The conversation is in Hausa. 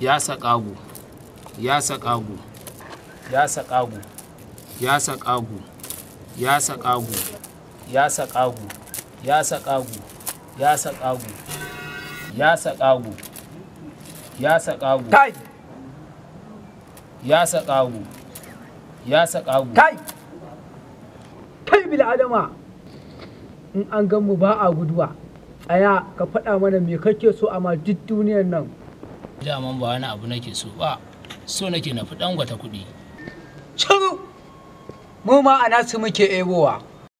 ya saƙagu ya saƙagu ya saƙagu ya saƙagu ya saƙagu ya saƙagu ya saƙagu ya saƙagu ya saƙagu ya saƙagu kai ya saƙagu ya saƙagu kai kai bil adama in an gan mu ba a guduwa tsaya ka faɗa mana me kake so amma duk duniyar nan daman ba wani abu nake so ba so nake na fi dangwata kuɗi. Can mu ma a nasu muke ebowa.